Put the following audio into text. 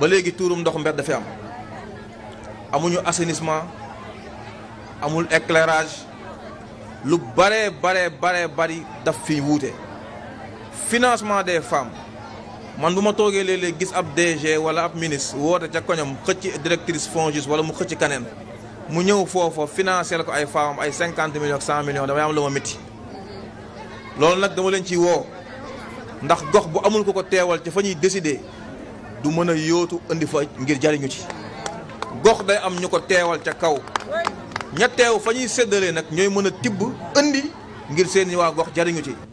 ba léegi tuurum ndox mbedd dafay am amuñu assainissement amul éclairage lu bare bare bare bari daf fi wuute financement des femmes man bu ma toogee léeg-léeg gis ab DG wala ab ministre woote ca koñam xëcc directrice FONGIS wala mu xëcc kaneen mu ñëw foofa financé la ko ay femmes ay cinquante millions cent millions damay am lu ma métti loolu nag dama leen ciy woo ndax gox bu amul ko ko teewal ci fa ñuy décider du mën a yóotu indi fa ngir jariñu ci gox day am ñu ko teewal ca kaw ña teew fa ñuy séddalee nag ñooy mën a tibb indi ngir seeni waa gox jariñu ci